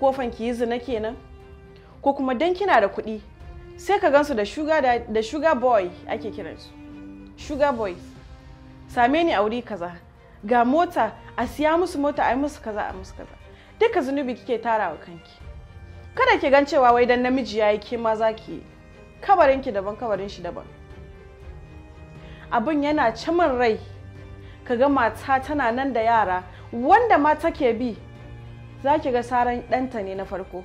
kofan ki zina kenan ko kuma dan kina da kuɗi sai ka gansu da sugar da sugar boy ake kiransu sugar boys same ni aure kaza ga mota a siya musu mota a yi musu kaza a musu kaza duka zunubi kike tarawa wa kanki kada ki gan cewa wai dan namiji yayi ke ma za ki kabarin ki daban kabarin shi daban Abun yana caman rai kaga mata tana nan da yara wanda mata ke bi za ki ga saran ɗanta ne na farko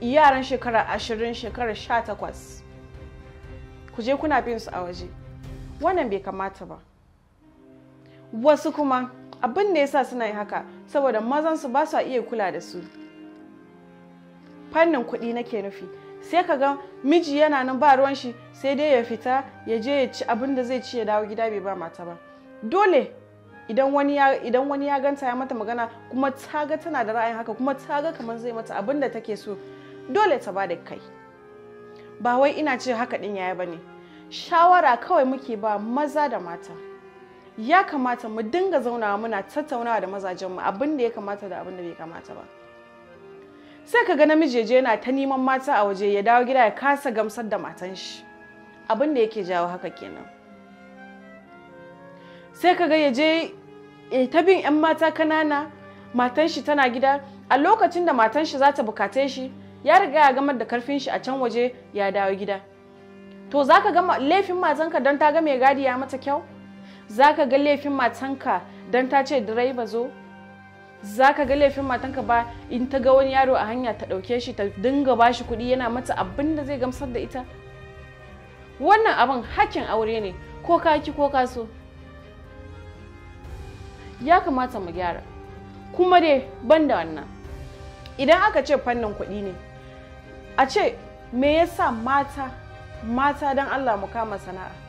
yaran shekara ashirin shekara sha takwas ku je kuna bin su a waje wannan bai kamata ba wasu kuma abin da yasa suna yi haka saboda mazan su ba su iya kula da su fannin kuɗi nake nufi sai ka ga miji yana nan ba ruwan shi sai dai ya fita ya je ya ci abin da zai ci ya dawo gida bai ba mata ba dole idan wani ya ganta ya mata magana kuma ta ga tana da ra'ayin haka kuma ta ga kamar zai mata abinda da take so dole ta ba da kai ba wai ina ce haka din yaya ne. shawara kawai muke ba maza da mata ya kamata mu dinga zaunawa muna tattaunawa da mazajen mu abin da ya kamata da abin da bai kamata ba sai ka ga namiji je yana ta neman mata a waje ya dawo gida ya kasa gamsar da matan shi abin da yake jawo haka kenan sai ka ga ya je Eh, ta bin 'yan mata kanana matan shi tana gida a lokacin da matan shi za ta bukate shi ya riga ya gamar da karfin shi a can waje ya dawo gida to za ka ga laifin matanka don ta ga mai gadi ya mata kyau za ka ga laifin matanka don ta ce direba zo za ka ga laifin matanka ba in ta ga wani yaro a hanya ta ɗauke shi ta dinga ba shi kuɗi yana mata abin da zai gamsar da ita wannan abin hakkin aure ne ko ka ki ko ka so ya kamata mu gyara kuma dai ban da wannan idan aka ce fannin kuɗi ne a ce me yasa mata mata don allah mu kama sana'a